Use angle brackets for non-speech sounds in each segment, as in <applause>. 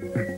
Mm-hmm.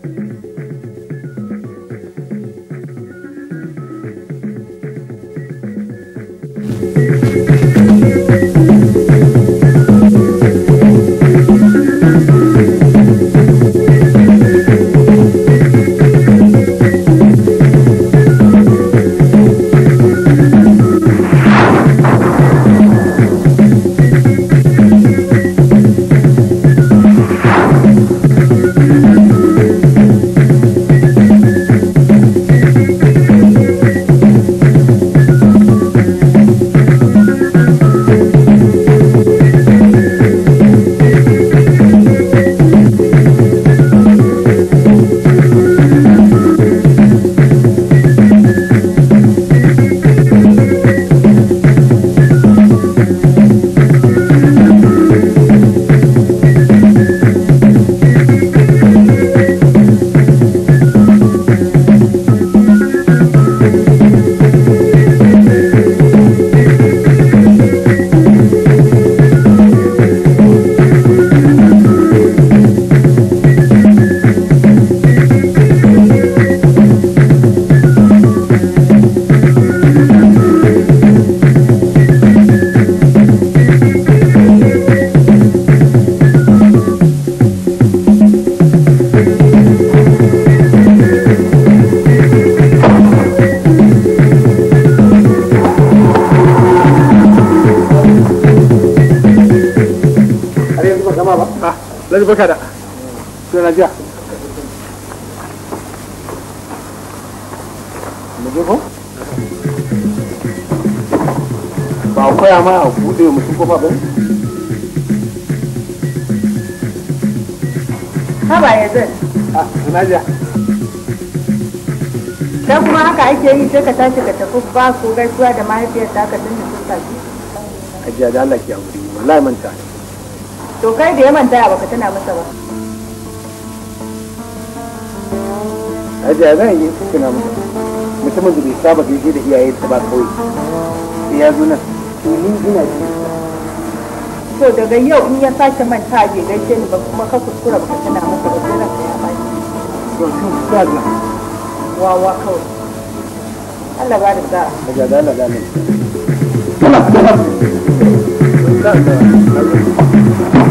sai ka tashi ka tafi ba ku gaisuwa da mahaifiyar ta ka tunda sun tafi ajiya da Allah ki hankali wallahi manta to kai da ya manta ya baka tana masa ba ajiya zan yi tuna masa mutumin da bai saba gaishe da iyayensa ba kawai sai ya zo nan to ni ina ji to daga yau in ya sake manta bai gaishe ni ba kuma ka kuskura baka tana masa ba sai ranka ya bani to shi wawa kawai Allah ba da sa daga da Allah kana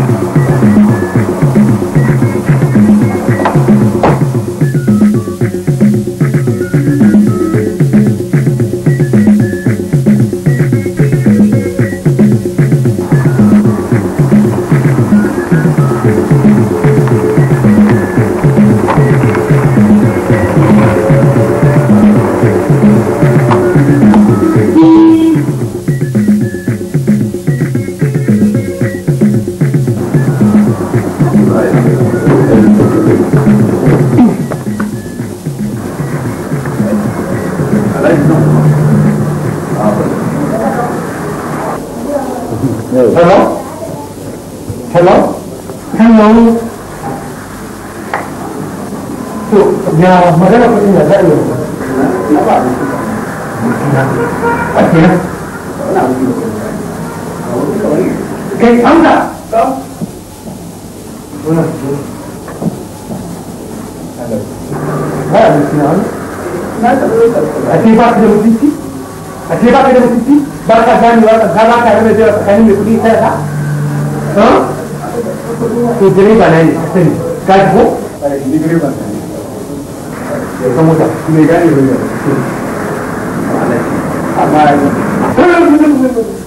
tsakanin mai kuɗi tara ka? to direba na ne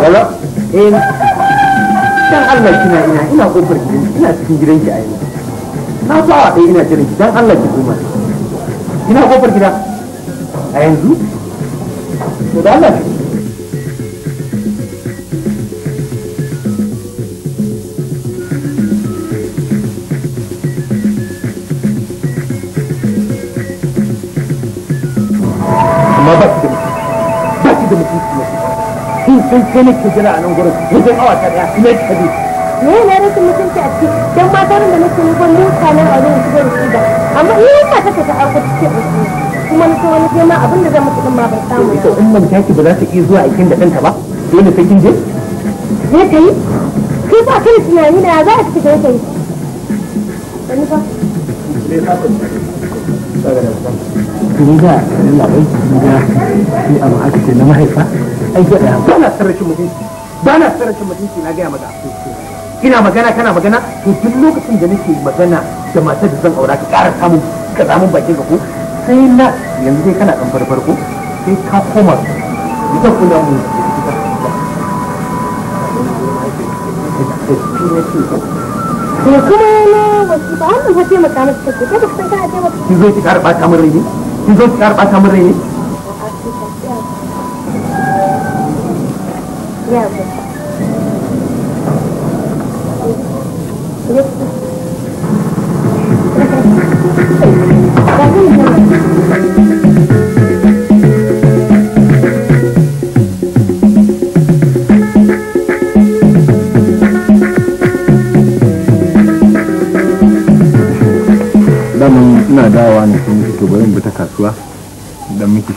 wala eh dan Allah kina ina ina kofar gidan ina cikin gidan ki a yanzu ina jiran dan Allah ki koma ina kofar gida a yanzu to Allah sun kai ke jira a nan gurin wajen awa ta daya ne ka bi me na rashin mutunci a ciki ta mata da nake ni gwamnati kanar a wurin su gari ba amma ni ba ta ta aiko cikin da kuma wani je ma abin da zan mutu samun ma ban samu to in ba za ta iya zuwa aikin da ɗanta ba dole sai kin je ne kai ki ba yi tunani da za a ka fita kai ni ba Ni da labai da shi a ma'aikata na mahaifa ai ga ya ba na sarrafa mutunci ba na sarrafa mutunci na gaya maka ina magana kana magana to duk lokacin da nake magana da matar da zan aura ka ƙara samun ka zamun bakin ka ko sai na yanzu dai kana ɗan farfar ko sai ka koma ita kuna mu ya kuma yana wasu ba wanda zai taimaka masa take ta ba san kana ba ki zo ki karɓa ta mun rai ne ki zo ki karɓa ta mun rai ne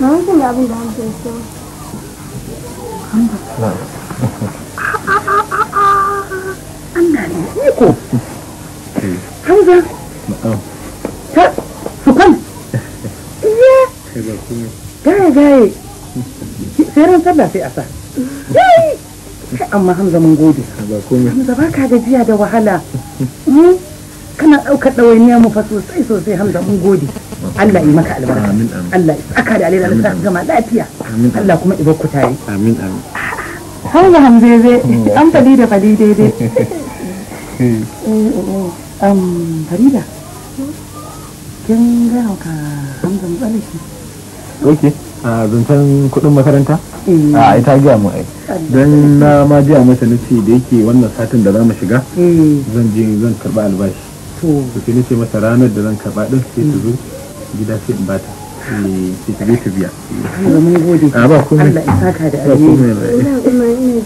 na wancan da abin da hamsa ya ce Allah ne iko hamza ta sukan iya gaya gaya sai ran sallah sai a sa amma hamza mun gode hamza ba ka gajiya da wahala kana ɗaukar ɗawainiya mu fa sosai sosai hamza mun gode Allah yi maka albarka amin amin Allah aka saka da alheri Allah gama lafiya amin Allah kuma ibar ku tayi. amin amin har da hamzeze mm. an fadi da fadi daidai <laughs> eh, eh, eh, um farida kin gaya ka hamza mutsalaki. Oke. ok a zancen kudin makaranta a ita gaya mu ai don na ma jiya mata nace da yake wannan satin da za mu shiga zan je zan karba albashi to sai nace mata ranar da zan karba din sai ta zo gida sai in bata eh, sai ta je biya mun gode a ah, ba komai Allah ya saka da alheri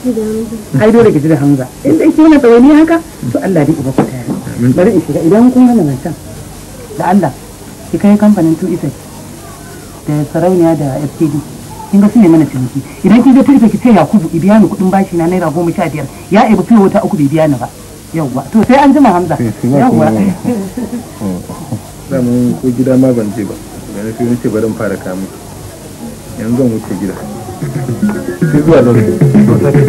ai dole ki ji da Hamza in dai kina tsawani haka to Allah dai uba ku tare bari in shiga idan kun gama nan can da Allah ki kai kamfanin tu e isa da sarauniya da FTD kin ga sune mana ciniki idan kin ga turke ki ce Yakubu i biya ni kudin bashi na naira goma sha biyar ya ibi fiye wata uku bai biya ni ba yawwa to sai an jima Hamza eh, yawwa <laughs> oh, oh. daman ko gida ma ban je ba da na fiye ce barin fara kamun yanzu zan wuce gida sai zuwa zan sake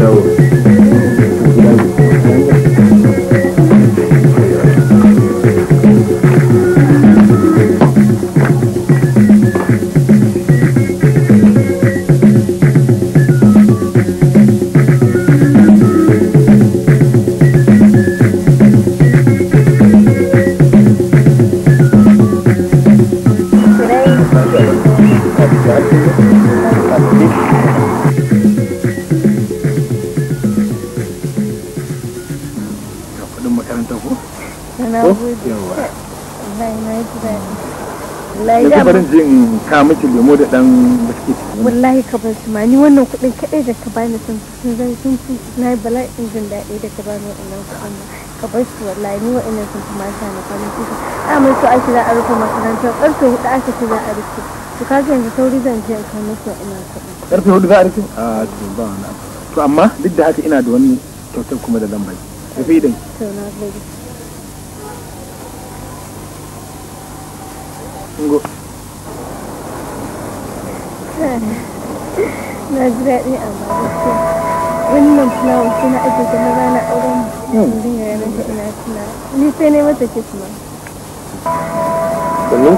Oh, Yanzu barin jin ka miki lemo da dan biskit. Wallahi ka bar su ma ni wannan kuɗin kaɗai da ka bani sun sun zan sun fi na yi bala'in jin daɗi da ka bani wa'annan kuɗin ka bar su wallahi ni wa'annan sun fi mata na farin ciki. Amin su ake za a rufe makarantar ƙarfe huɗu aka ce za a rufe. to ka yanzu sauri zan je ina karfe hudu za a rufe a to ba wani to amma duk da haka ina da wani kyautar kuma da zan rufe idan na gode ji daɗi amma wannan fulawar suna ake kuma rana auren mu dinga ina tuna ni sai ne mata kisma sannan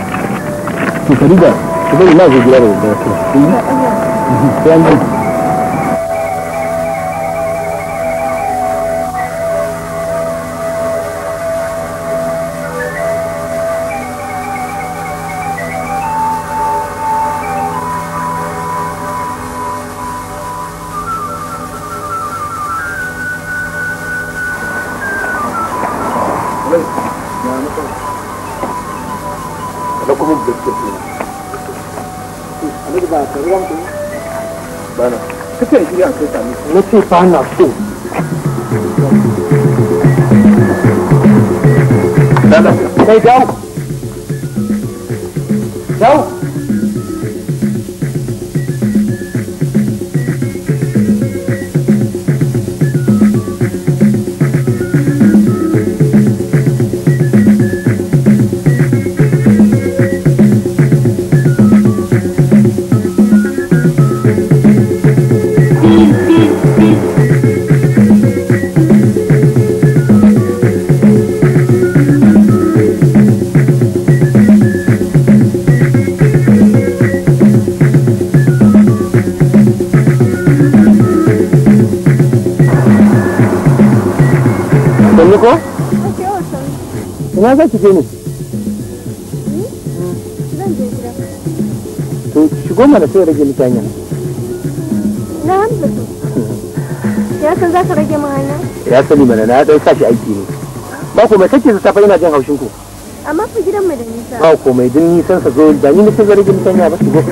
ce farida ku bari na zo gida da daddare ce na so ina za ki je ne to shigo mana sai rage litanya na hamdatu ya san za ka rage mahana ya sani mana na dan sa shi aiki ne ba ko mai kake sa tafa yana jin haushin ku amma fa gidan mai da nisa ba ko mai din nisan sa zo da ni nake zargin litanya ba shigo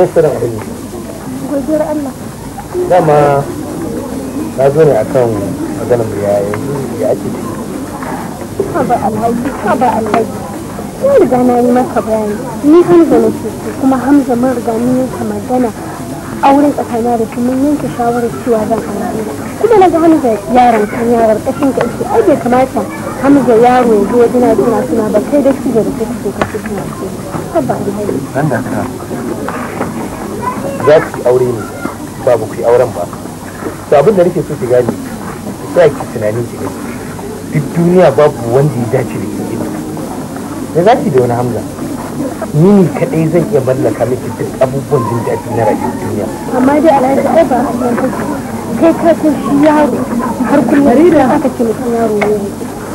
ne sirrin abin godiyar Allah dama ta zo ne akan maganin da ya yi ya ake haba alhaji haba alhaji na riga na yi maka bayani ni hamza na ce kuma hamza mun riga ni yanka magana auren tsakanin da shi mun yanke shawarar cewa zan aure kuma na ga hamza yaron kan yaron kashin ka ce ai bai kamata hamza yaro ya zo wajen suna suna ba kai da shi da rikici ka fito haba alhaji ku aure ne ba ba ku yi auren ba to abin da nake so ki gane sai ki tunani ki gani duk duniya babu wanda ya dace da ke ido da za ki da wani hamza ni ne kadai zan iya mallaka miki duk abubuwan jin daɗi na rayuwar duniya amma dai alhaji ai ba kai ka san shi yaro har kullum farida aka ce mutum yaro ne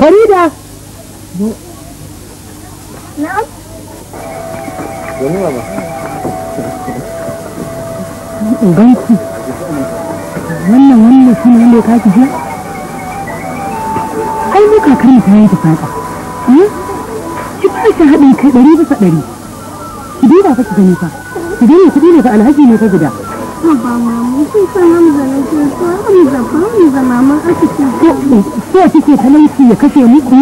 farida na'am Wani mama. ubanki wannan wannan shi ne wanda ya kaki jiya ai muka kan ta yanke fata hmm? ki ba shi haɗin kai ɗari bisa ɗari ki duba fa ki gani fa ki gani kuɗi ne fa alhaji ne ta guda Baba mamu, sun Hamza na ke so, Hamza fa Hamza mama aka ce ko. Ko kike talauci ya kashe mu ku?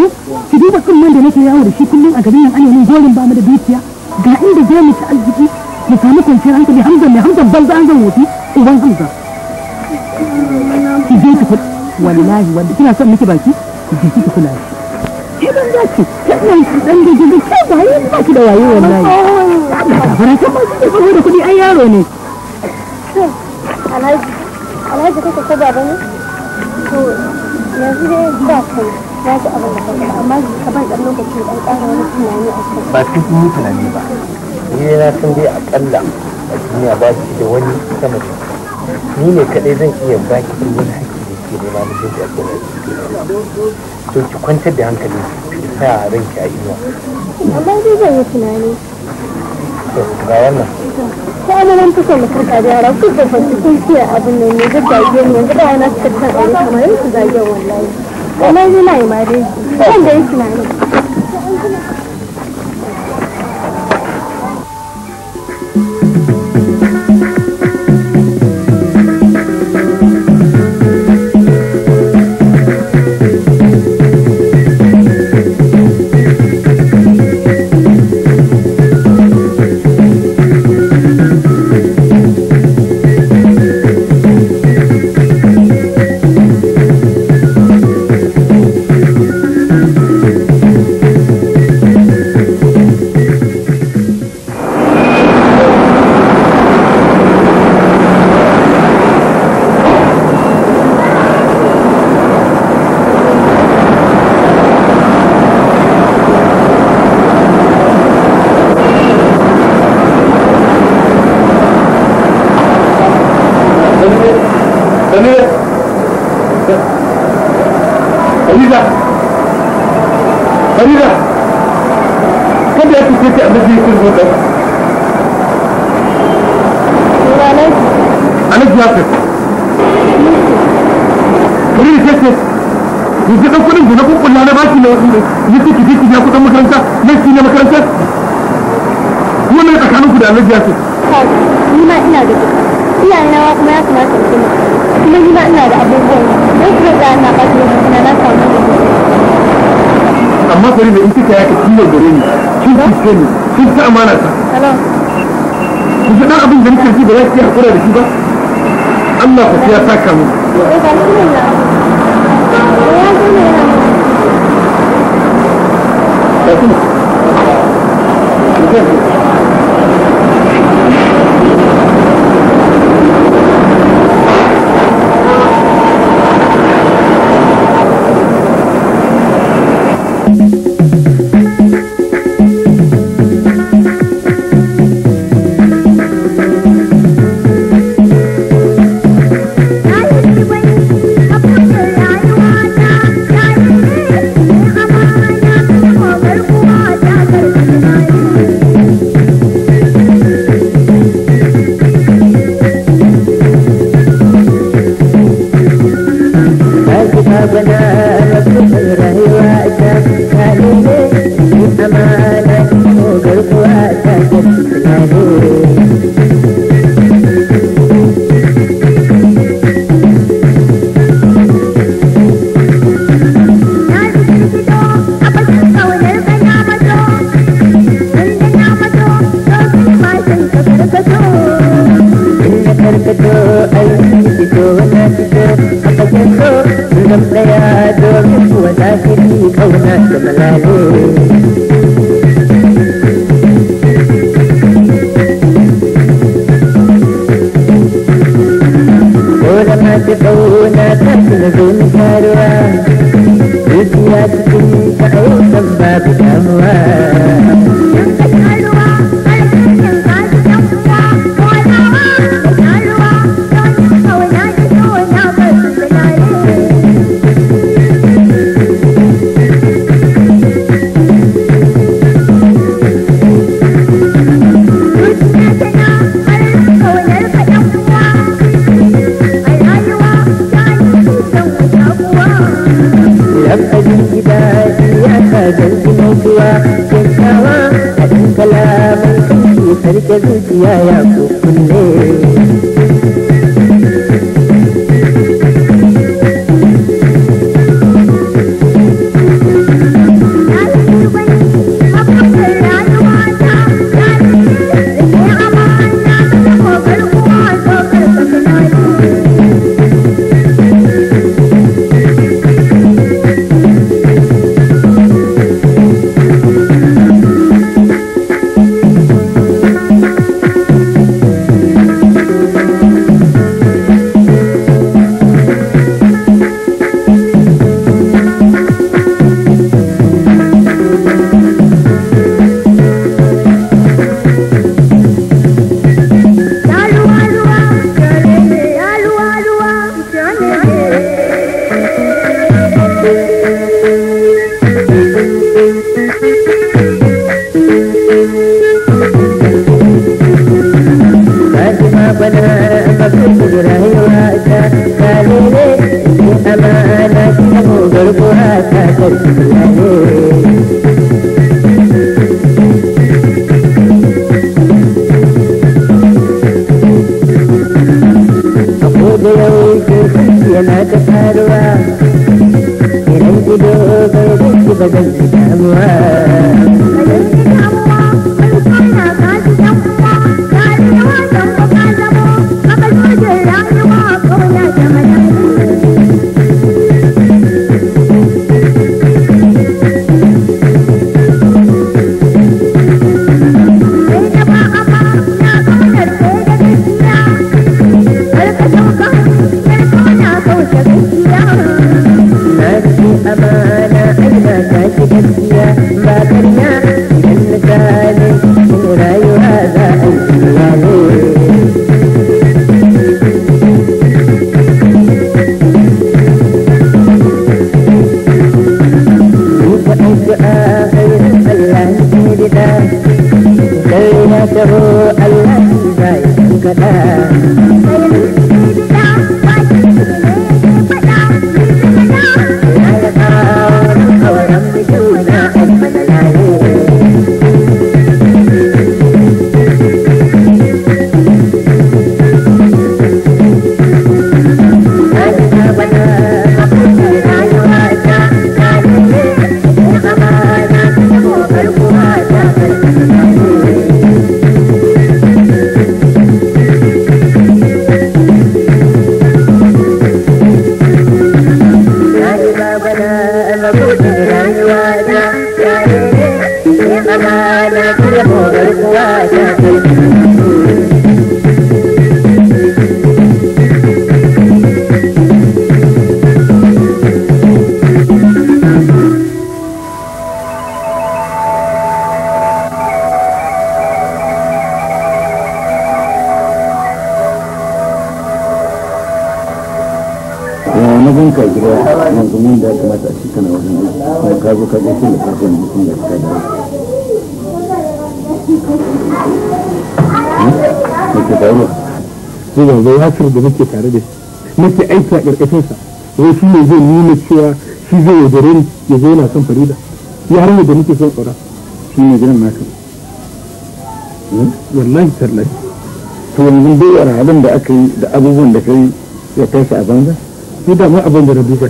Ki duba kan man da nake yawo da shi kullum a garin nan ana mun gorin ba mu da dukiya. Ga inda zo mu ci arziki, mu samu kwanciyar hankali hamza mai hamza banza an zan wofi uban hamza ki je ki wallahi wanda kina son miki baki ki je ki kula ki ban ki dan da ba ki da waye wallahi ta ki ai yaro ne alhaji alhaji kake ko ne ba kai ji ba ni na san dai akalla a duniya ba ki da wani sama da ni ne kadai zan iya ba ki da wani haƙƙi da ke nema na jin da kuma to ki kwantar da hankali ki sa ranki a inuwa amma dai zan yi tunani ga wannan ta alaman tukar da karka da yara su da fasu kun fiye abin nan ne duk zage ne yanzu da yana suka kan aure kamar yin su zage wallahi amma zai na yi ma dai kan da yi tunani amma kare da ita ta yaka kiyo gare ni kin ni kin ta amana ta ku ji dan abin da nake ji ba za ki hakura da shi ba Allah ku ya saka mu Thank you. वे सरिके दूजिया या को खुले nasir da muke tare da shi nake aiki a ƙarƙashinsa wai shi ne zai nuna cewa shi zai yaudare ni ya zo yana son farida yaran da muke son tsora shi ne jiran naka hmm? wallahi tallahi to yanzu dai a halin da aka yi da abubuwan da kai ya kai a banza ni da ma abin da rabu ka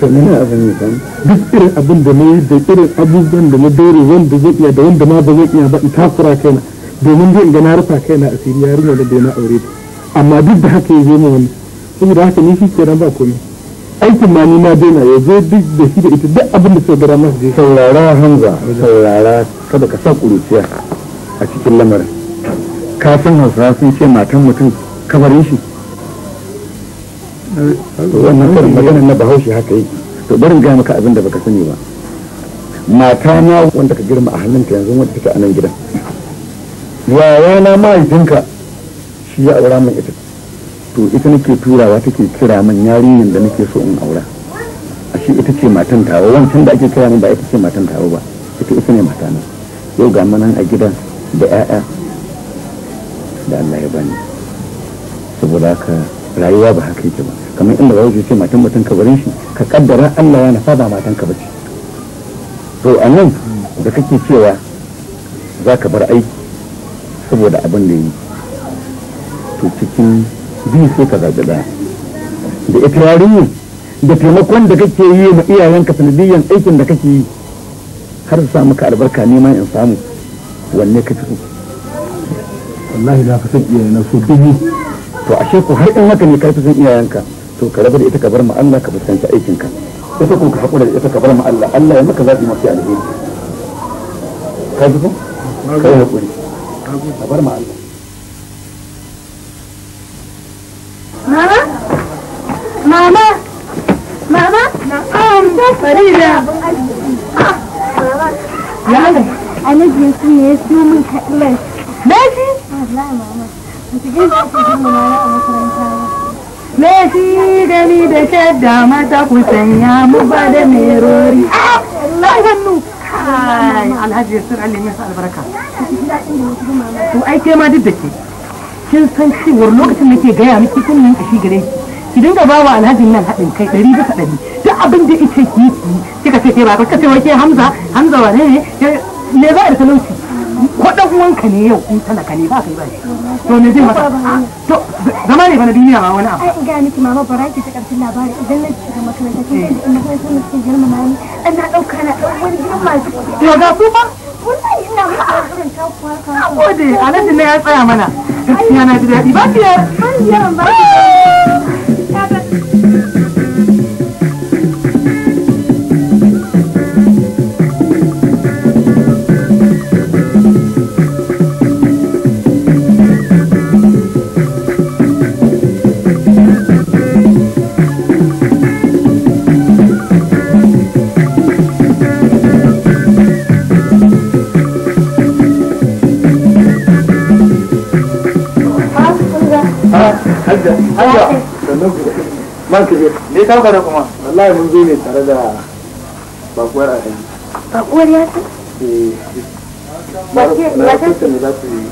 sannan na abin ne kan duk irin abin da mai da irin abubuwan da na dore wanda zai iya da wanda ma ba zai iya ba in takura kaina domin dai in ga na rufa kaina asiri yarinya da bai na aure ta amma duk da haka ya zo mu wani saboda haka ni shi kenan ba komai aikin ma ni na daina ya zo duk da shi da ita duk abin da sai gara masu saurara hamza saurara kada ka sa kuruciya a cikin lamarin ka san hausawa sun ce matan mutum kabarin shi wannan karin magana na bahaushe haka yi to barin gaya maka abin da baka sani ba mata na wanda ka girma a hannunka yanzu wanda take a nan gidan yaya na mahaifinka shi ya aura min ita to ita nake turawa take kira min yarinyar da nake so in aura a shi ita ce matan tawa wancan da ake kira min ba ita ce matan tawa ba ita ita ne mata na yau ga manan a gidan da 'ya'ya da Allah ya bani saboda haka rayuwa ba haka yake ba kamar inda ba ce matan mutum ka barin shi ka kaddara Allah ya nafa ba matan ka bace to a nan da kake cewa za ka bar aiki saboda abin da yi to cikin biyu sai ka zaɓi ɗaya da ikirarin da taimakon da kake yi ma iyayenka sanadiyyan aikin da kake yi har su samu ka albarka neman in samu wanne ka fi so wallahi na fi son iyayena so dubu to ashe ko har in haka ne karfi fi iyayen iyayenka to ka rabu da ita ka bar ma Allah ka fuskanci aikinka ita ko ka haƙura da ita ka bar ma Allah Allah ya maka zaɓi mafi alheri ka ji ko ka yi haƙuri ka bar ma Allah Messi? Messi da ni da shadda mata ku sanya mu ba da merori. Ah, ai hannu. Alhaji albarka. To ai ma duk da ke. Kin san cewar lokacin da ke gaya miki kun nan kashi gare ki. Ki dinga ba wa Alhajin nan haɗin kai ɗari bisa ɗari. Duk abin da ita ki yi kika ce ke ba ka ce wai ke Hamza Hamza wane ne? za a talauci? ko dan ne yau in talaka ne ba kai ba to me zai masa to zama ne fa duniya ma wani abu ai ga miki mama baraki ta karshen labari idan na shiga makaranta kin ga in makaranta ne ke girma na ni na dauka na dan wani gidan masu to ga su fa wallahi ina ma a gurin ta kuwa ka alhaji ne ya tsaya mana gaskiya na ji daɗi ba ki ba ki ba man kabir me ka fara kuma wallahi mun zo ne tare da bakuwar a hanyar bakuwar ya ce eh na kusa ne yi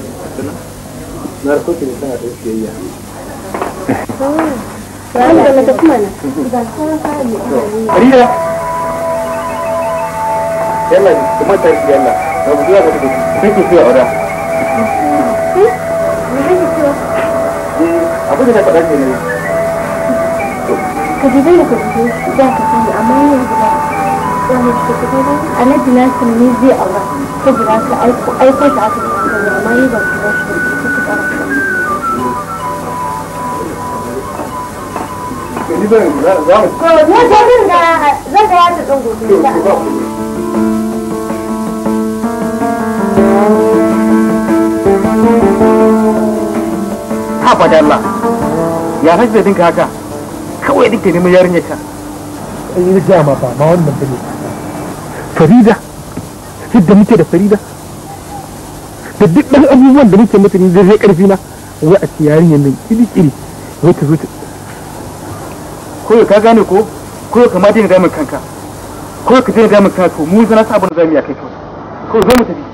na kusa ne tana da kuma ta yalla da zuwa da abin da na faɗa ke ne ka zai da ka za ka sani amma yana da wani shi ka a na dinasar ne zai aura ta jira ka aiko shi aka yi amma yi ba ku ba shi da ku ƙara ne abadallah ya san zai dinka haka kawai dinka da neman yarinya ta yi da ma ba ma wannan bane farida yadda muke da farida da duk ɗan abubuwan da muke mutane zai zai ƙarfi na wai a ce yarinyar nan iri wai ta zuta ta ko ka gane ko ko ya kamata ya gami kanka ko ka je ya gami kanka mu zana sabon zami a kai kawai ko zo mu tafi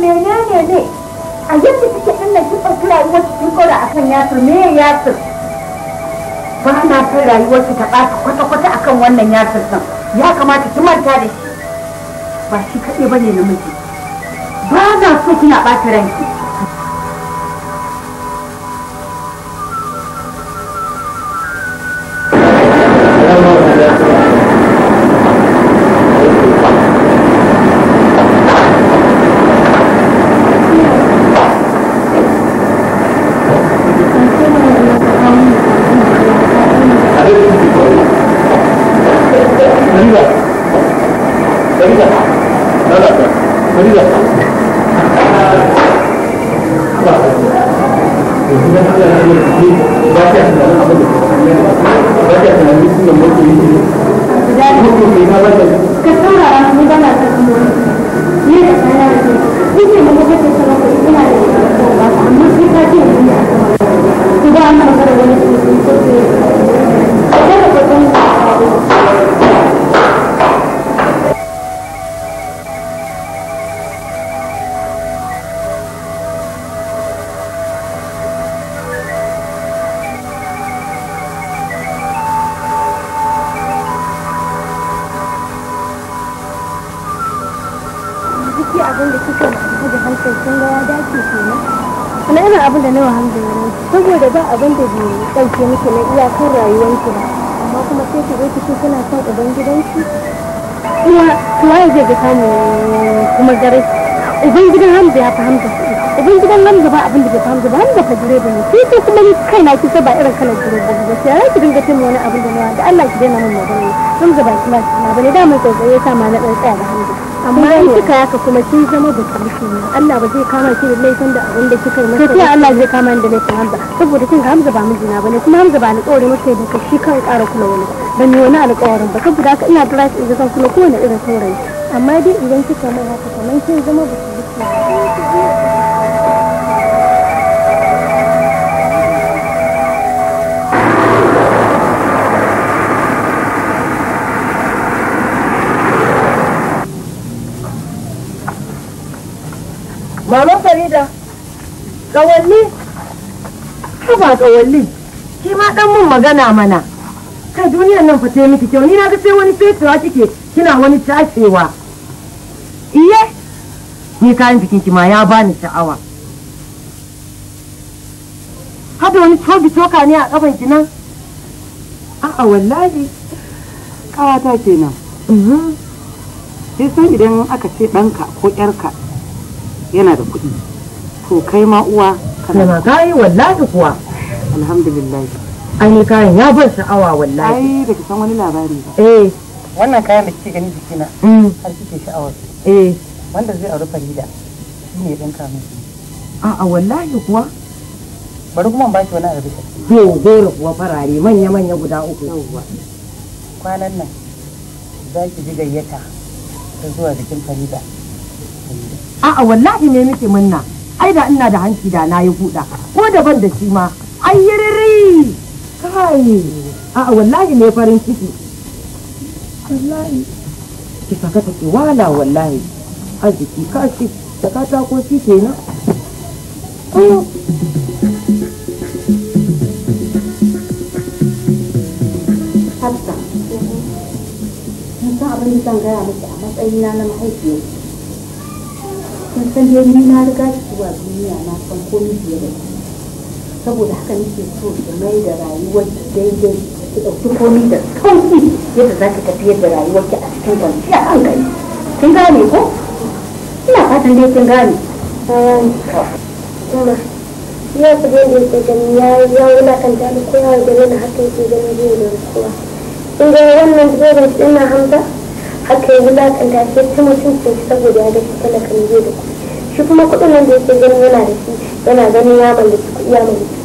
wannan menene ne a yadda kike dinnan kin ɗauki rayuwar ki kin kora akan yasir me yasir ba na son rayuwar ki ta ɓata kwata-kwata akan wannan yasir ɗin ya kamata ki manta da shi ba shi kaɗai bane namiji ba na so kina ɓata ranki ce miki na iyakar rayuwanki ba amma kuma sai ki zo ki kana son gidanki kuma kuma je ga samu kuma gare gidan hamza ya fahimta hamza gidan hamza ba abin da bai hamza ba hamza fa da ni sai ko kuma ni kaina ki ba irin kana ni ba sai ki dinga tin wani abin da na da Allah ki daina mun magana hamza ba kuma ma ba ne da mai tsaye ya sa ma na dan tsaya da hamza amma in kika yaka kuma kin zama ba ki mutu Allah ba zai kama ki da laifin da abin da kika yi masa sai Allah zai kama ni da laifin Hamza saboda kin Hamza ba mijina bane kuma Hamza ba alƙawari masa da ka shi kan ƙara kula wani ban yi wani alƙawarin ba saboda haka ina da rashi in ga kula kowane irin saurayi amma dai idan kika mai haka kamar kin zama ba ki mutu Maman Farida, ƙawalli? ba ƙawalli, ki ma dan mun magana mana. Kai duniyar nan fa sai miki kyau, ni na ga sai wani fetura kike kina wani tashewa. Iye, ni kayan bikin ki ma ya bani sha'awa. Hada wani tobi toka ne a ƙaban ki nan? A'a wallahi, ƙawata kenan. Mhm. Sai san idan aka ce danka ko ƴarka yana da kuɗi to kai ma uwa kana ma kai wallahi kuwa alhamdulillah ai kayan ya ban sha'awa wallahi ai da san wani labari ba eh wannan kayan da kike gani jikina mm. har kike sha'awar eh wanda zai auri Farida ne dan kamun a a wallahi kuwa bari kuma shi wani arabi to goro kuwa farare manya manya guda uku kwanan nan za ki ji gayyata ta zuwa bikin Farida a'a wallahi ne muke munna ai da ina da hanci da na yi buɗa ko daban da shi ma ai yiriri kai a'a wallahi ne farin ciki wallahi ki saka ta ki wala wallahi arziki ka ce da katako shi kenan Hamsa, yanzu abin da zan gaya miki a matsayina na mahaifiyarki kun san dai ni na riga ki zuwa duniya na san komai biyar da saboda haka nake so ki mai da rayuwar ki daidai ki ɗauki komai da sauki yadda za ki tafiyar da rayuwar ki a cikin kwanciyar hankali kin gane ko ina fatan dai kin gane kuma ya fi dai da ke gani ya ya wulakanta da kowa da nuna haka yake gani zai da kowa in ga wannan zai da hamza aka yi wulakanta shi ta mutum sun saboda ya dace kan zai da kuma shi kuma kuɗin nan da yake ganin yana da shi yana ganin ya mallaki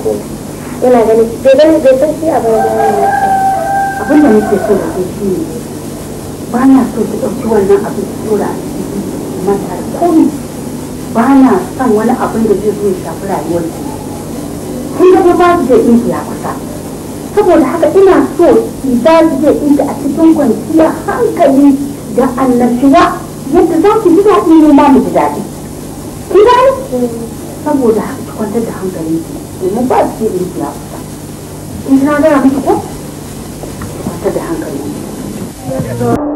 kuɗi ya mallaki ko yana ganin bai ganin bai san shi a baya ba yana abin da nake so da kai shi ne ba na so ta ɗauki wannan abin da tura a cikin mata komi ba na son wani abin da zai zo ya shafi rayuwar ki kun ga ba su da inda ya kusa saboda haka ina so ki ba su da inda a cikin kwanciya hankali da annashuwa yadda za ki ji daɗi ne ma mu ji daɗi ki gani saboda haka ki kwantar da hankali domin ba su ce in ki fita in kina gaya miki ko kwantar da hankali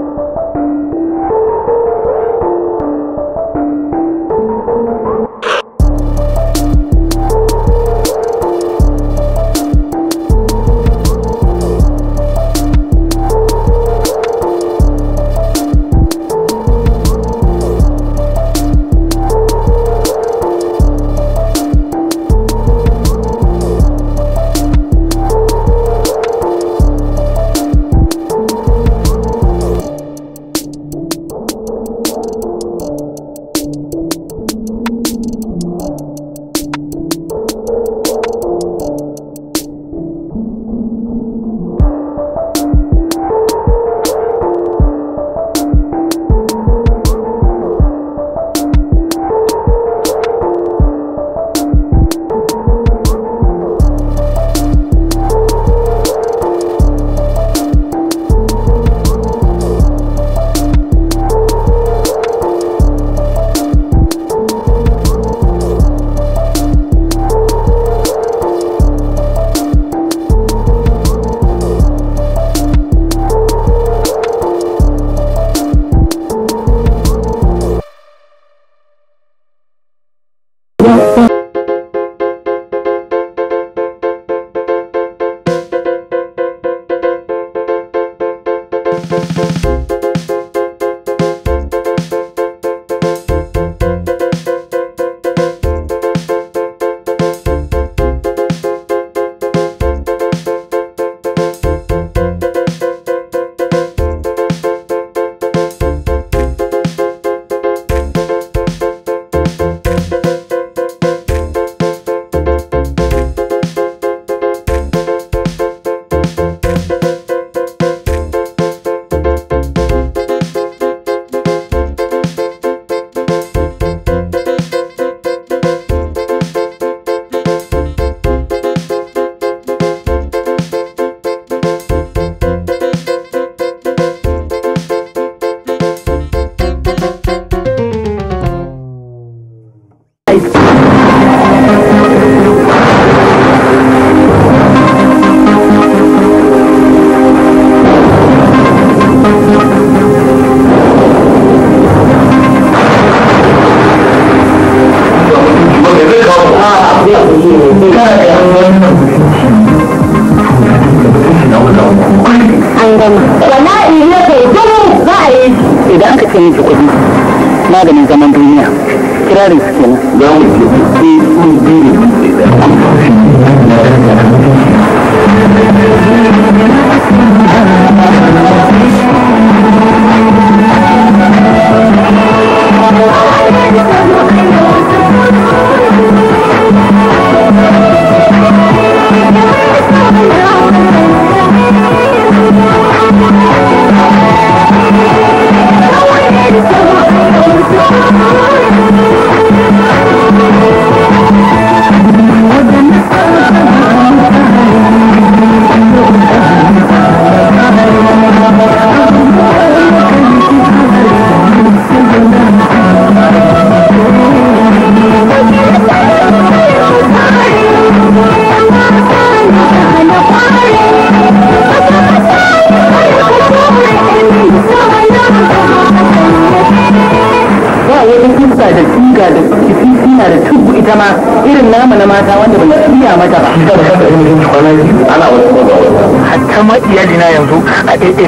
har iyali na yanzu a ɗaiɗai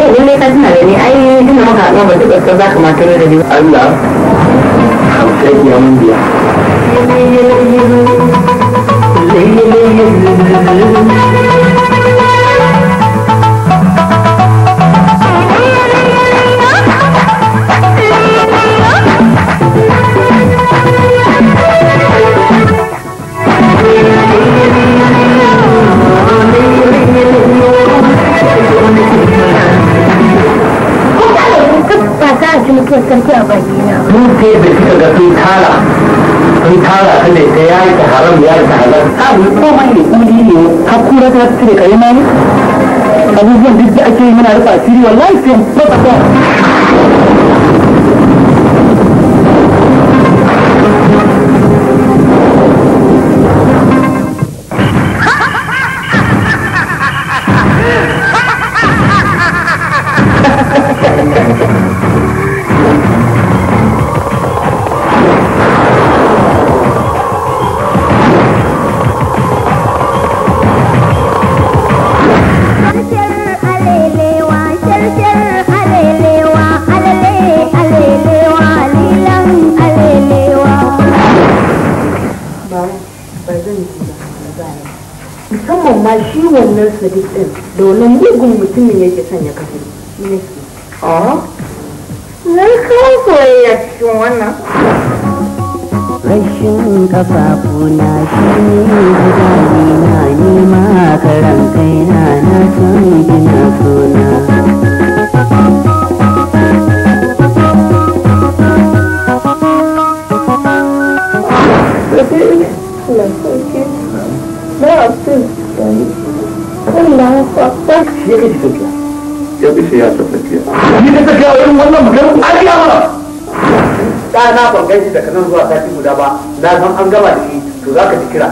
eh ne ka tuna da ni ai tuna maka a gaba duk ƙasar da ni. Allah ya mun biya. kanti a bakina dukiyar da kika ga sun tara sun tara ta ne ta yayi ta haram ya ta halal abu komai ne kudi ne hakura ta cire kai ma ne abubuwan duk da ake yi muna rufa asiri wallahi sai ba ta shi wannan sadiq din da wannan mugun mutumin yake son ya kafe a na kawo soyayya cikin wannan rashin kafafuna shi ne gudane na nema karan kaina na tuni gina suna Thank you. ya kai shi tafiya ya kai shi ya ta ni ka tafiya irin wannan magana ku ariya mana ɗana ban gaishe da kanan zuwa sati guda ba na san an gama da shi to za ka ji kira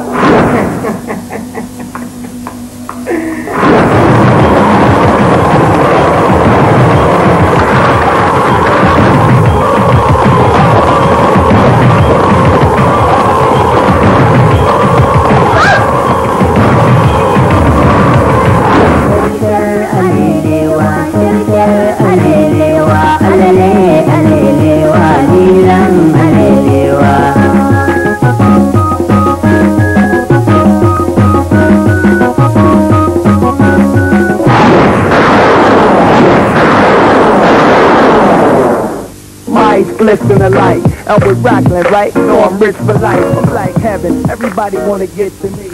blessing of life. And with Rockland, right? No, I'm rich for life. I'm like heaven. Everybody wanna get to me.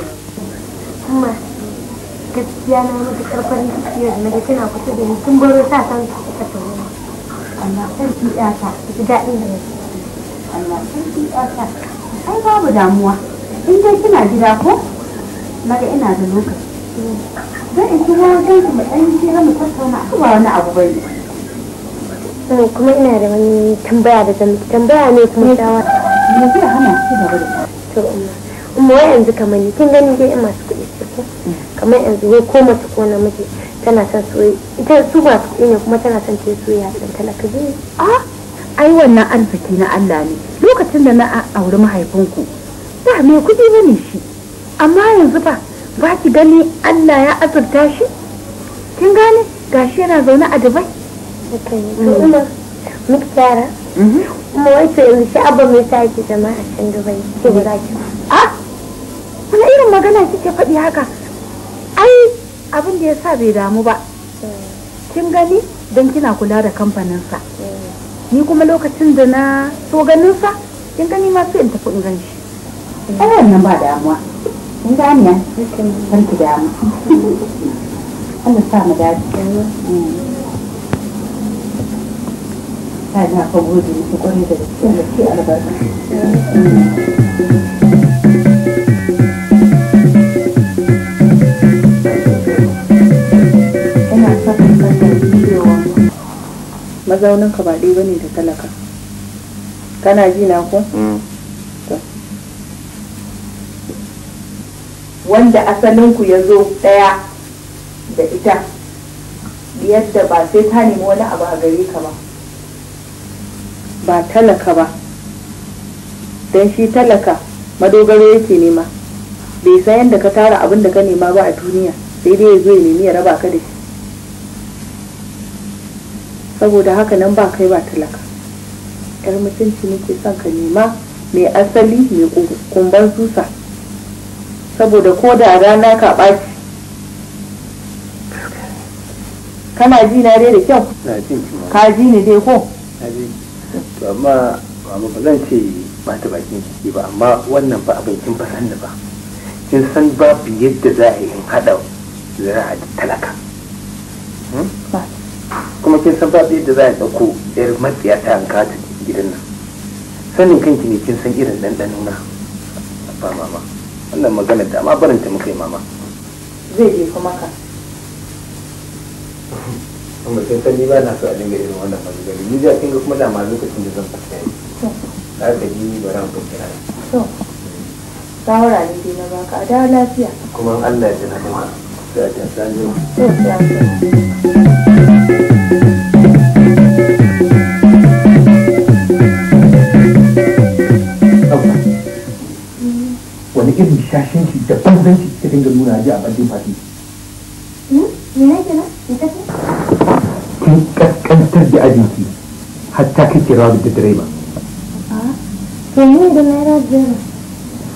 Cristiano keterpencil mereka nak kata dia itu baru sahaja kata anak pergi atas I'm not pergi atas ai babu damuwa in dai kina gida ko naga ina da lokaci dan in kira kai mu dan kira to tattauna ba wani abu bane kuma ina da wani tambaya da zan tambaya ne kuma shawara me zai hana shi da wani. to umma wai yanzu kamar ni kin gani dai masu kuɗi ce ko kamar yanzu wai ko mace ko namiji tana son soyayya ita su masu kuɗi ne kuma tana son ce soyayya san talaka zai a ai wannan arziki na Allah ne lokacin da na auri mahaifinku da me kuɗi bane shi amma yanzu ba ba ki gani Allah ya azurta shi kin gane gashi yana zaune a Dubai haka kuma zama a a wani irin magana kike faɗi haka ai abin da ya sa bai damu ba kin gani don kina kula da kamfaninsa ni kuma lokacin da na so ganinsa kin gani ma sai in tafi in gan shi ai wannan ba damuwa in gani ya kan ki damu <laughs> Allah sa mu dace ta na ka gode ku mazaunin ka ba ɗaya bane da talaka kana ji na ko mm. wanda asalin ku ya zo ɗaya da ita yadda ba sai ta nemi wani abu a gare ka ba ba talaka ba don shi talaka madogaro yake nema bai san yadda ka tara abin da ka nema ba a duniya sai dai ya zo ya nemi ya raba ka da shi saboda haka nan ba kai ba talaka yar mutunci nake son ka nema mai asali mai kumban susa saboda ko da rana ka ɓaci kana ji na dai da kyau ka ji ni dai ko ba ma ba ma zan ce ba ta bakin ciki ba amma wannan ba abin kin ba sannu ba kin san babu yadda za a yi hada zira da talaka hmm? kuma kin san babu yadda za a dauko yar matsiya ta hanka ta gidan nan sanin kanki ne kin san irin ɗanɗano na ba mama wannan magana da amma barinta muka yi mama zai je kuma ka <laughs> kuma sai san ni ba na so a dinga irin wannan maganganu ni da kinga kuma dama lokacin da zan fita yi da aka yi ba ran fita to shawara ne dai na baka a da lafiya kuma Allah ya ji na dama sai a can wani irin shashinci da banzanci ta dinga nuna ji a ɓarfin fati. Hmm? Me ne kenan? kin kaskantar da ajinki hatta kake rawa da direba to mun da naira biyar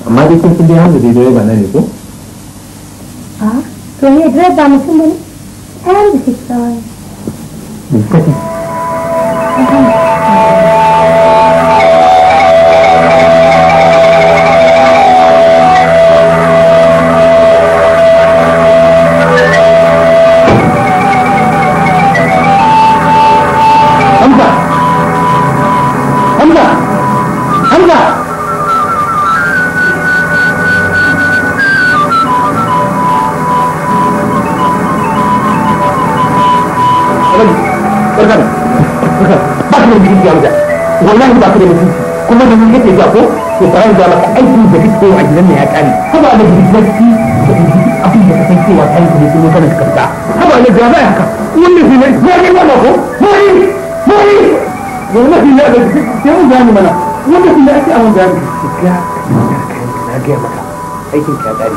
amma dai kin da direba na ne a ne direba alhaji wallahi ba da kuma da mun yake to fara da maka aikin da kake yi a gidan ya kare da da abin da kake cewa kai ne kuma kana karta da wannan shi ne ko wannan shi ne da mun gani mana wannan shi ne ake amon na ga maka aikin ka kare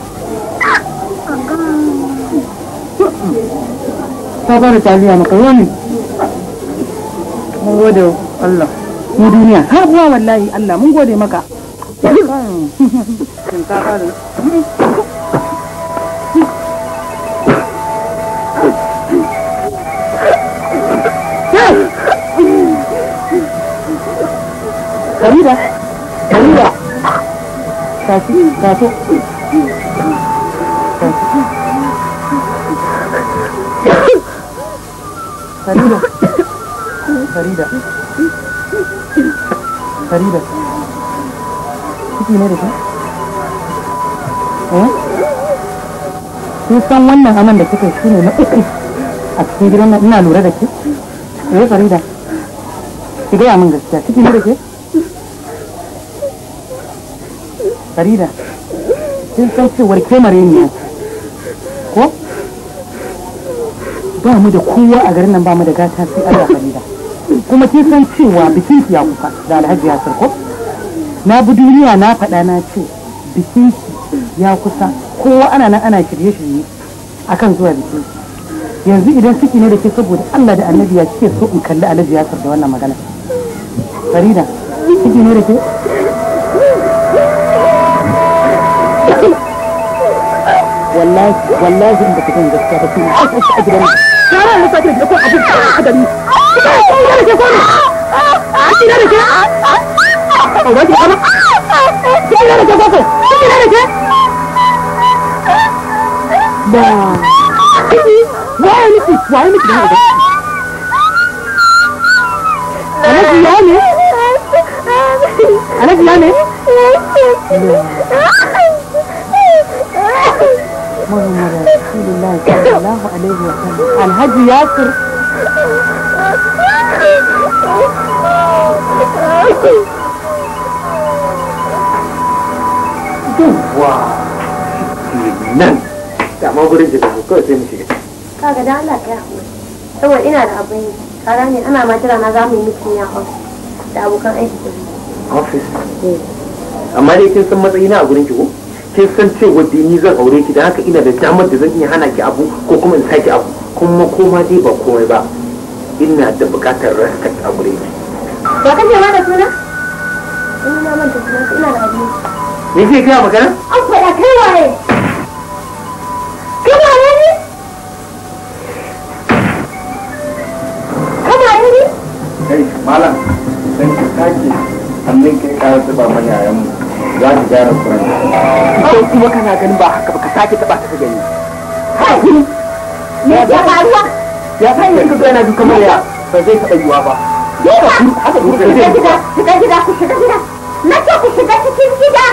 ka fara taliya maka ne mun gode Allah mu duniya har zuwa wallahi Allah mun gode maka <laughs> shinkafa da Farida, Farida. Farida. Farida. Kiki ne da shi? Eh? Kin san wannan aman da kika shi ne na uku a cikin gidan na ina lura da ke? Eh Farida. Ki gaya min gaskiya, kiki ne da ke? Farida. Kin san cewar ke mare ne mu da kowa a garin nan ba mu da gata sai Allah farida kuma kin san cewa bikin ki ya kuka da Alhaji ya sarko na bi duniya na faɗa na ce bikin ki ya kusa kowa ana nan ana shirye shirye akan zuwa bikin yanzu idan suke ne da ke saboda Allah da Annabi ya kike so in kalli Alhaji ya da wannan magana farida ne da ke wallahi wallahi in gaskiya a gidan da abin a gari ke a ke a ke ke ba kiki miki miki da haka ya ne? ya ne? Muhammad Rasulullah sallallahu alaihi wa sallam Alhaji Yasir Yawwa nan dama gurin ki kawai sai mu shiga kaga da Allah ya haƙuri saboda ina da abin yi ka ana ma kira na za mu yi mutum ya ofis da abokan aiki ofis eh. amma dai kin san matsayi na a gurin ki ko sai san cewa da ni zan aure ki da haka ina da damar da zan iya hana ki abu ko kuma in sake abu kuma koma dai ba komai ba ina da bukatar respect a gure ki ba kace ma da suna ina manta suna ina da abu ne ke ga magana an faɗa kai waye sake taba ta gani me ke faruwa ya kai ne kuka yana duka ya ba zai taba yiwa ba ya ku ku shiga gida gida ku shiga gida na ce ku shiga cikin gida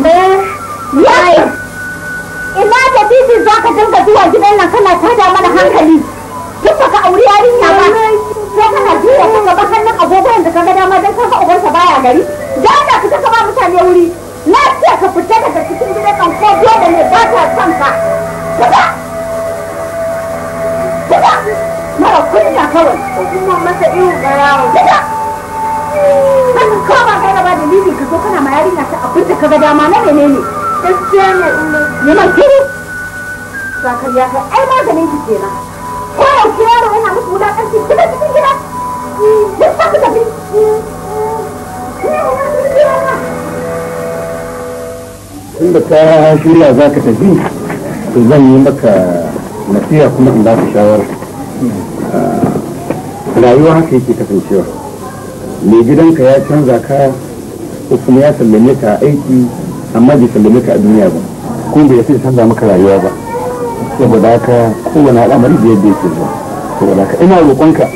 me ya ina da bibi za ka dinga zuwa gidan nan kana tada mana hankali duk baka aure yarinya ba sai kana jira ka gaba hannun agogon da ka ga dama dan ka ga ubansa baya gari da ka ka ba mutane wuri Allah ka fita daga cikin gidan nan ko dole ne ba ta son ka. Fita! Fita! Mara kunya kawai. Ko kuma masa irin garawa. Fita! Kan ko ba dalili ka zo kana ma yarinya ta abin da ka ga dama na menene? Gaskiya ne. Neman kiri? Zakariya ai maganin ki kenan. inda ka shirya za ka tafi to zan yi maka nasiha kuma in baka ka shawara ah, rayuwa haka yake kasancewa mai gidanka ya canza ka ko kuma ya sallame ka aiki amma bai sallame ka a duniya ba kuma bai sai canza maka rayuwa ba saboda haka kowane al'amari da yadda yake zuwa saboda haka ina roƙonka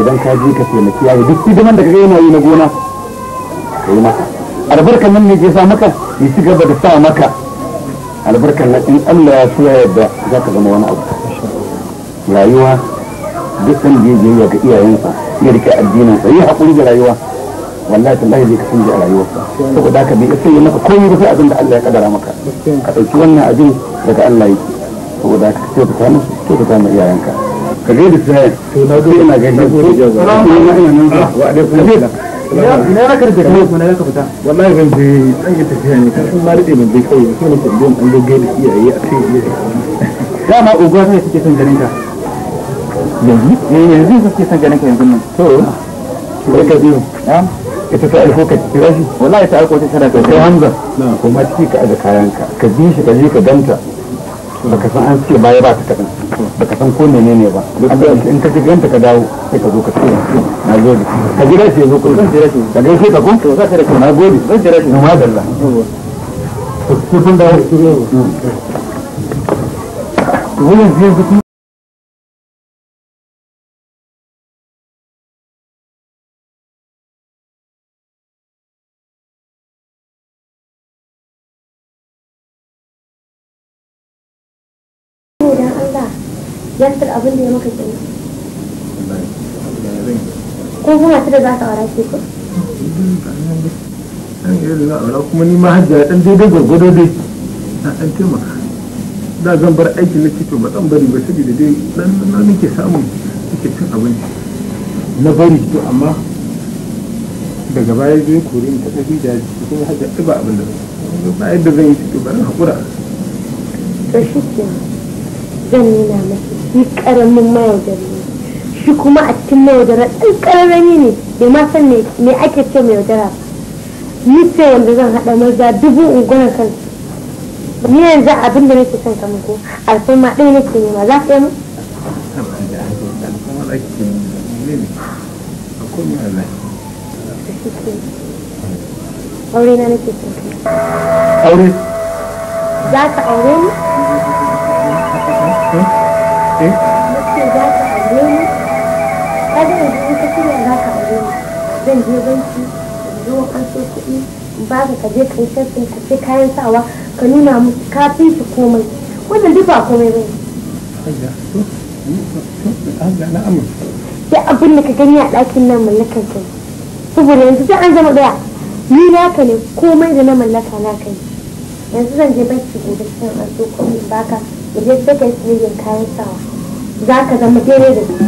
idan ka je ka taimaki yayi duk hidiman da kaga yana yi na gona ka yi masa albarkan nan ne ke sa maka ya ci gaba da sa maka albarkan nan in Allah ya so yadda za ka zama wani abu rayuwa duk wanda ya je ya ga iyayensa ya rike addininsa yi haƙuri da rayuwa wallahi tallahi zai ji a rayuwarsa saboda ka bai sai ya maka komai ba sai abin da Allah ya kadara maka ka ɗauki wannan abin daga Allah yake saboda ka ce ka ce ka samu iyayenka ka gaida sai eh. to na ga na gaida sai na nan wa na na ya karfe da kuma ya kafa ta wallahi ban je an yi tafiya ne kan sun malide ban je kawai sai na tambaye an zo gaida iyaye a cikin iyaye dama uguwa ne suke eh, son ganin ka yanzu eh yanzu suke son ganin ka yanzu nan to wai ka biyo ita ta aiko ka kira shi wallahi ta aiko ta tana ka kai hamza kuma ciki ka aje kayanka ka bi shi ka je ka danta baka san an ce baya ba ta kadan baka san ko menene ba in ka shiga ka dawo sai ka zo ka na gode ka sai zo ka ka ko to za ka na gode zan ma dalla to kun dawo to ta da za aura yi kuma dan na dan taimaka da zan bar aikin na to ba zan bari ba saboda dai dan na nake samun nake cin abinci na bari to amma daga baya zai kore ni ta tafi da kuma hajjia abin da ba yadda zan yi to ba zan to shi ke zan nuna shi shi kuma a cikin mai yaudara ɗan ƙararrami ne bai ma san me ake ce mai yaudara ni ce wanda zan haɗa maza dubu ungunan kan ni yanzu abin da nake son kamar ko ma ɗaya nake nema za ka yi mu aure na nake son aure za ka aure mu eh ka ga yanzu in ka za ka aure ni zan je an so kuɗi ba ka ka je ka ka kayan sawa ka nuna musu su komai komai ba ne. abin da ka gani a ɗakin nan mallakar kai saboda yanzu sai an zama ɗaya ni naka ne komai da na mallaka na kai yanzu zan je bacci gobe sai an so komai baka mu je sai ka yi kayan sawa za ka zama daidai da su.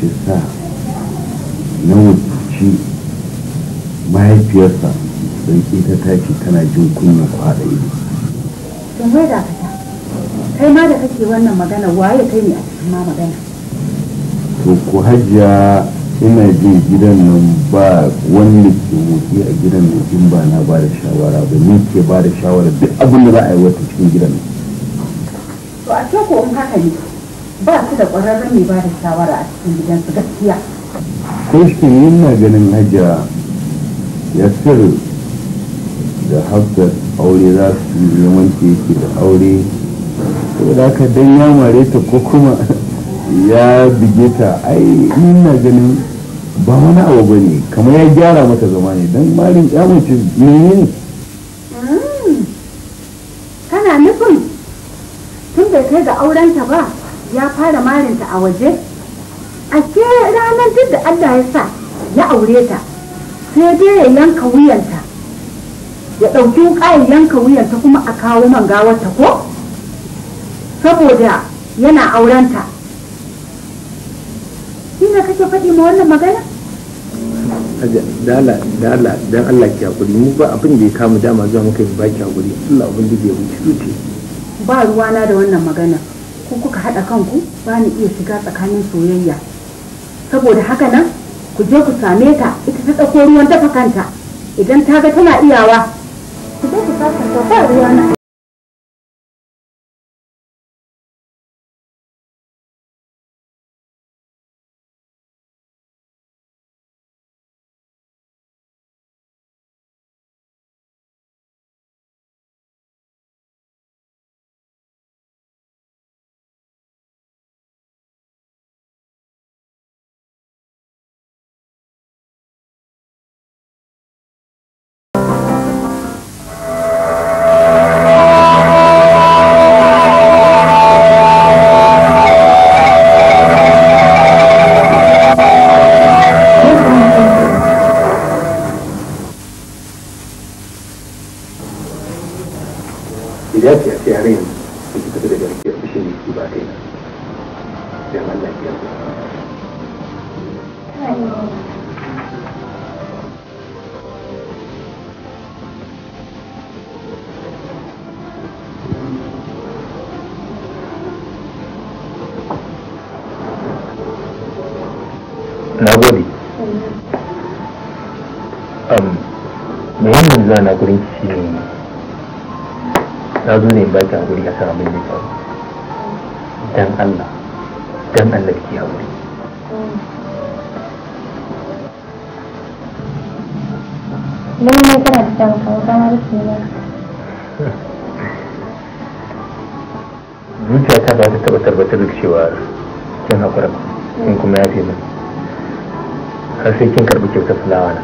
shi sa na wuce mahaifiyarsa don ita ta ke tana jin kunya kwaɗa ido. Don wai da kai ma da kake wannan magana waye kai ne a cikin ma magana. To ku hajiya ina jin gidan nan ba wanda ke motsi a gidan nan in ba na ba da shawara ba ni ke ba da shawara duk abin da za a yi wata cikin gidan nan. To a ko in haka ne ba su da ƙwararren mai ba da shawara a cikin gidansu gaskiya ko shi yana ganin hajiya ya sir da haftar aure za su yi zamanci ke da aure da haka dan ya mare ta ko kuma ya bige ta ai ina ganin ba wani abu ba ne kamar ya gyara mata zama ne don malin ya mace mene ne hmm. kana nufin tun bai kai ga aurenta ba ya fara marinta a waje a ke ranar duk da Allah ya sa ya aure ta sai dai ya yanka wuyanta ya ɗauki wuƙa ya yanka wuyanta kuma a kawo man gawarta ko saboda yana aurenta shi kake faɗi ma wannan magana dala dala dan Allah ki hakuri mu ba abin da ya kama dama zuwa muka yi ba ki hakuri Allah abin da ya wuce ba ruwana da wannan magana kuka haɗa kanku ba ni iya shiga tsakanin soyayya saboda haka nan ku je ku same ta ita ta ɗauko ruwan dafa kanta idan ta ga tana iyawa ku je ku sasanta ba ruwa na ta ba ta taba tabbatar da cewa kin haƙura kin kuma ya fi min har sai kin karɓi kyautar fulawa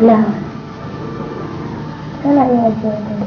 na fulawa tana iya jiya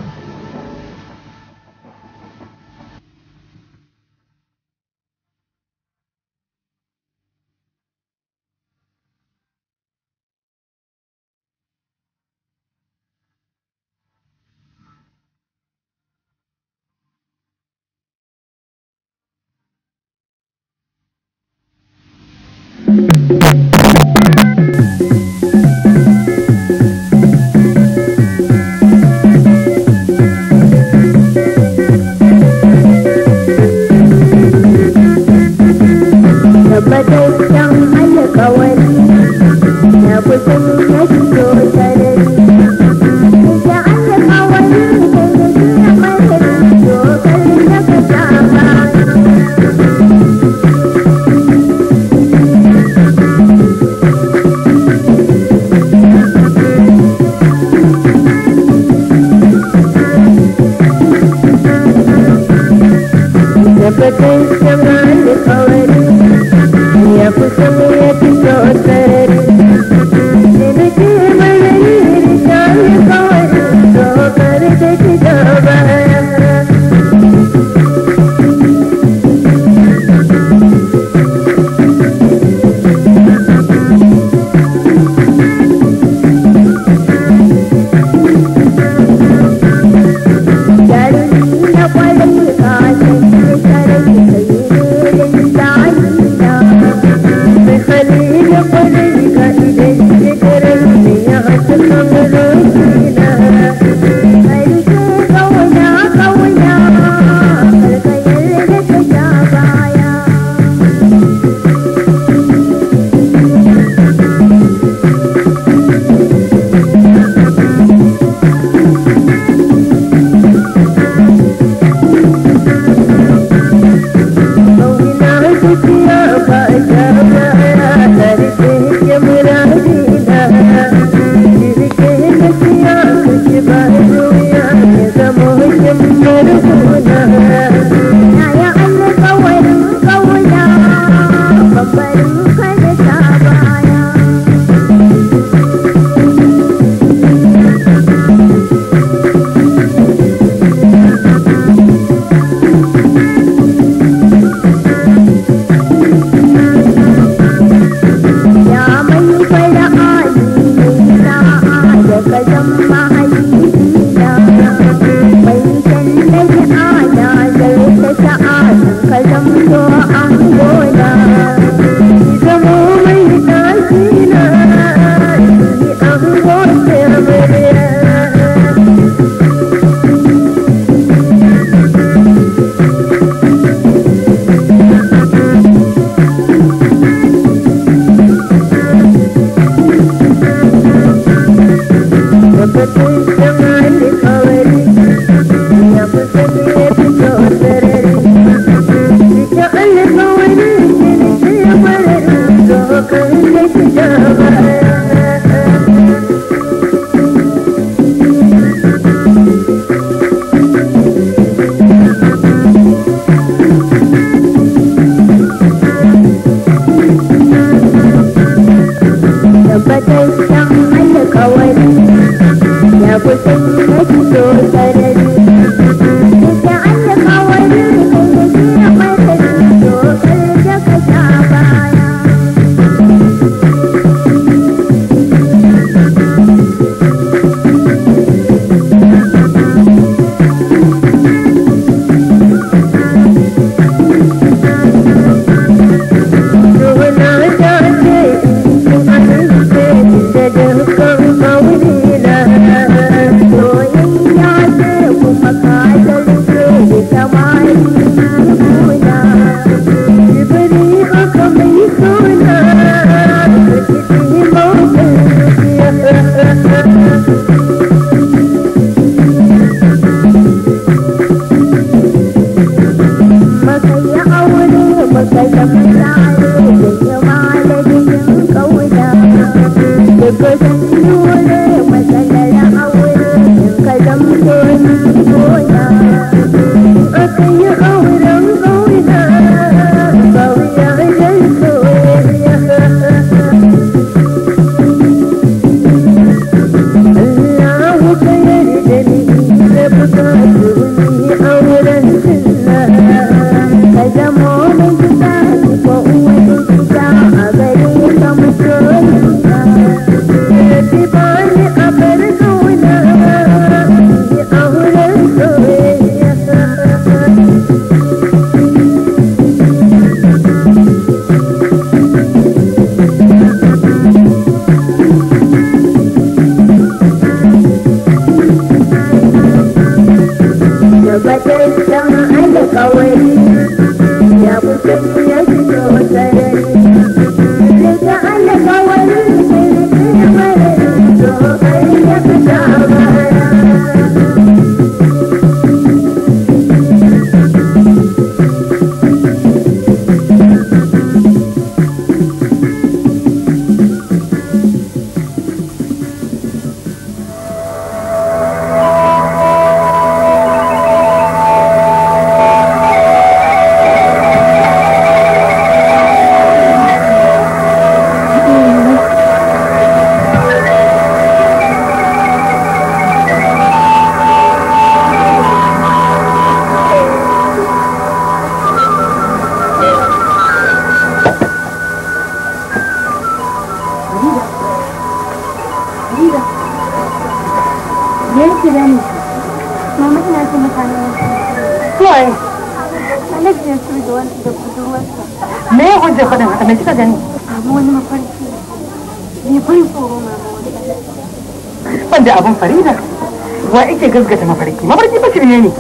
gaskata mafarki mafarki ba shirye ne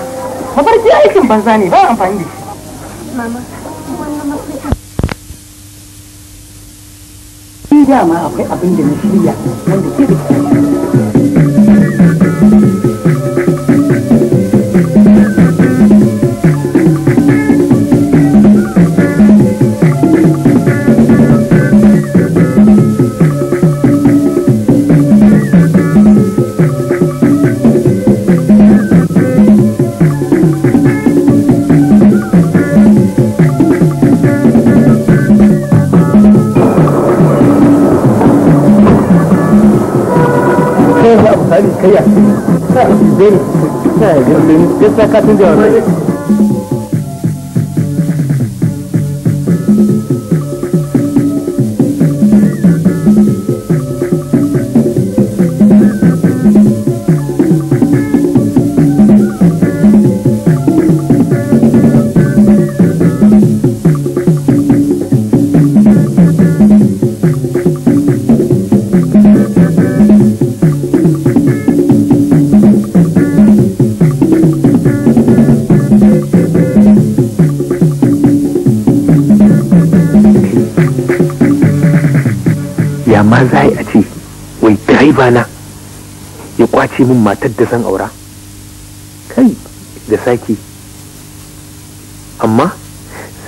mafarki aikin banza ne ba amfani da shi mama wannan mafarki dama akwai abin da na shirya wanda ke da Esse é a catinha de bana ya kwace min matar da zan aura kai da sake amma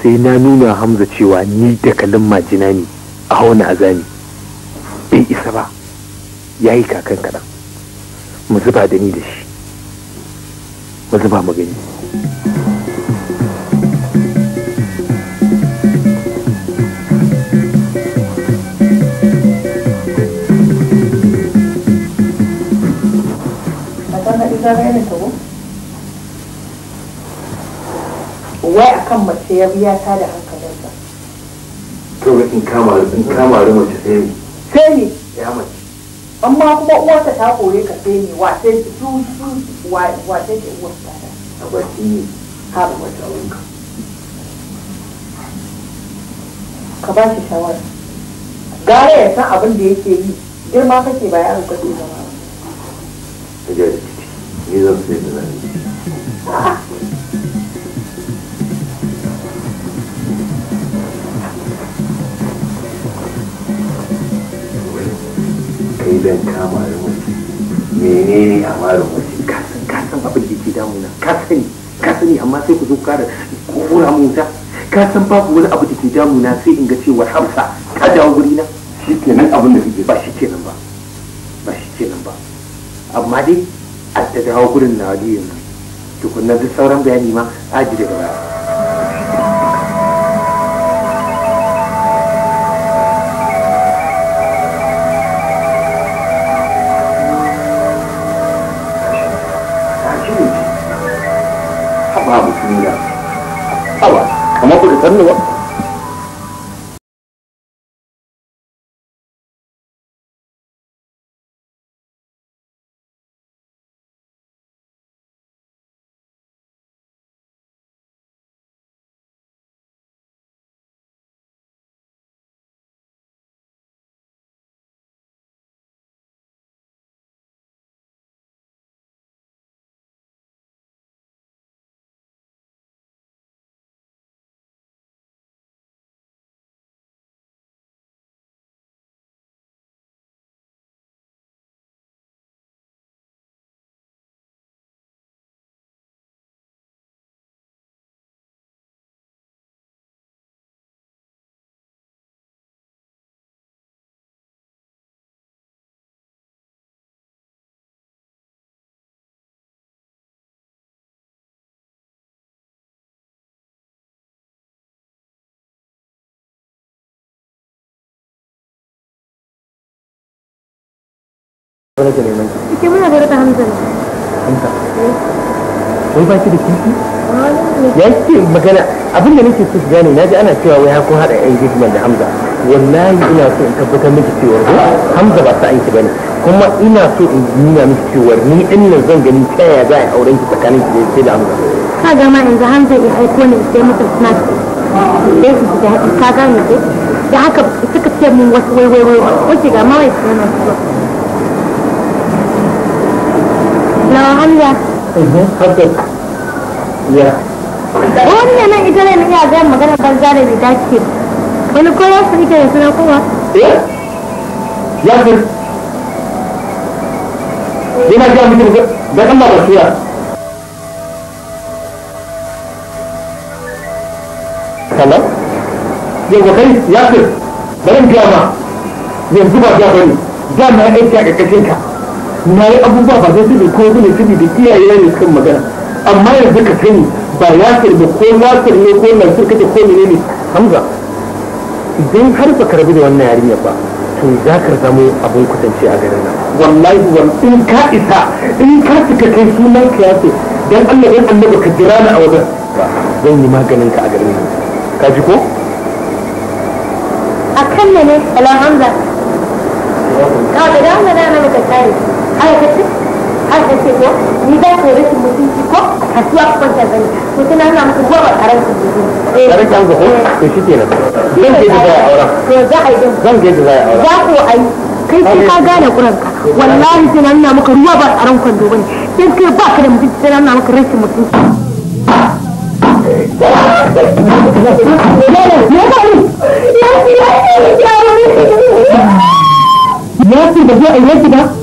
sai na nuna hamza cewa ni da kalin majina ne a hauna azami bai isa ba ya yi kakan kaɗan mu zuba da ni da shi mu zuba mu gani kan mace ya biya ta da hankalinsa kawai in kama in kama da mace sai ni sai ni ya mace amma kuma uwarka ta kore ka sai ni wa sai su su wa wa sai ki uwar ta da abaci ne Haɗa ba mata wanka ka ba shi shawara gara ya san abin da yake yi girma kake ba yaron ka zama Ta Ka da ciki, ni zan sai da zan yi. <laughs> idan ka mara mene menene a mara mutu kasan san abin da ke damuna ka sani ka amma sai ku zo kara kura mota ka san babu wani abu da ke damuna sai in ga cewa hamsa ka dawo wuri na shi kenan abin da kake ba shi kenan ba ba shi kenan ba amma dai a ta dawo gurin na yanzu tukunan duk sauran bayani ma aji daga baya 等我。ko nake neman ki eh. da ne nake so gane na ji ana cewa wai ko haɗa gizman da hamza wallahi ina so in tabbatar miki cewa hamza ba sa aiki bane kuma ina so in nuna miki cewa ni din nan zan gani ta yaya za a auren ki tsakanin ki da hamza ka ga ma yanzu hamza ya aiko ne sai mutum su ka gane da haka suka ce min wasu wai wai wai wace ga nawa hamza haka ya wannan nan ita ne ina ga magana banza da ko eh? ya na yi abubuwa ba zai zai ko zai saboda iyaye ne kan magana amma yanzu ka sani ba ya karbi ko ya ne ko nasir kake ko ne ne hamza idan har ba ka rabu da wannan yarinya ba to za ka zamo abin kusanci a garin nan wallahi in ka isa in ka cika kai sunan ka yace dan Allah dan Allah ka jira ni a wajen zan yi maganin ka a garin nan ka ji ko kan ne ne alhamza ka da dama da na ka aikacin aikace ko ni za ku rashin mutunci ko a suwa ku kwanta zani to tana nuna muku goma karen su jiki karen kan ku to zan je da auren to za a yi din zan je da auren za ku ai kai sai ka gane kuranka wallahi sai na nuna maka ruwa ba karen kwando bane dan ba ka da mutunci sai maka rashin mutunci Ya ce da zai ayyaki ba?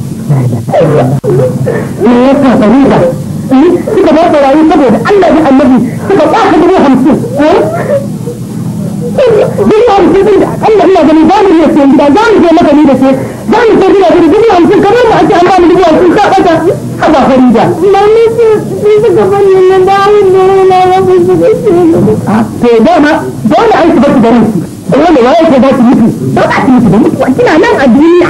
me ya sa farida suka ba rayu saboda Allah da annabi suka ba ka dubu hamsin dubu hamsin din da Allah ina gani za mu iya siyan gida za mu je maka ni da sai za mu sai gida da dubu hamsin kamar mu ake an ba mu dubu hamsin ka bata haba farida mami sai suka bani nan da mun da na rabu su da su to dama dole an su ba su garin su dole wai ka ba su mutu ba ka su mutu ba kina nan a duniya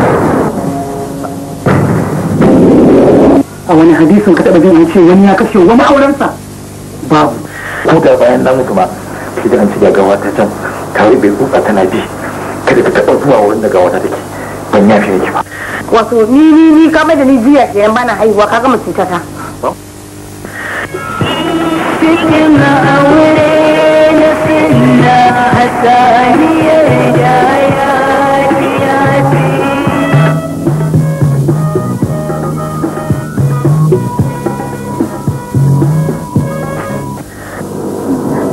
a wani hadisin ka taɓa jin an ce wani ya kashe wani aurensa babu ko da bayan namu mutu ma da ci daga wata can tare bai kuka tana bi kada ka taba zuwa wurin da wata take ban ya fi ba wato ni ni ni ka mai da ni jiya ke yan bana haihuwa ka gama cuta ta cikin aure na sinna hasaniya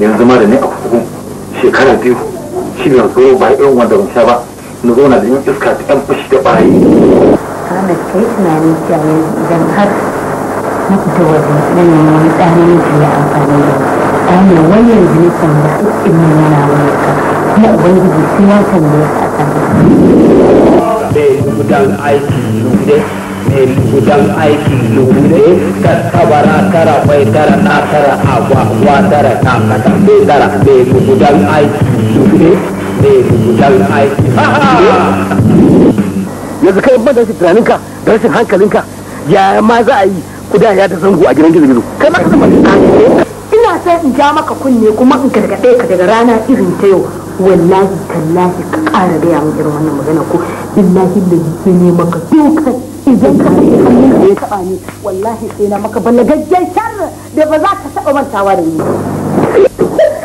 yanzu ma da ni a kusurgun shekara biyu shi ne zo ba irin wanda ban sha ba na zauna da yin iska da yan fashi da bayi. Ahmed kai tunanin cewa idan har na fita waje na nemi wani tsarin yake ya amfani da wani wani yanzu ne san da in yana wani ka kuma ubangiji sai ya san da ya sa kan. Mutane eh, aiki ne meri gudan aiki lugure ka tabara tara bai tara na tara agwa wa tara ta kata be tara meri gudan aiki lugure meri gudan aiki yanzu kai ban da tunanin tunaninka da rashin hankalinka ya ma za a yi kuda ya ta zango a gidan gizo kai ma ka zama ina sai in ja maka kunne kuma in gargaɗe ka daga rana irin ta yau wallahi tallahi ka ƙara gaya min irin wannan magana ko illahi da zai ne maka dokai idan ka sake hannun da ya taba ni wallahi sai na maka balagaggen sharri da ba za ka taba mantawa da ni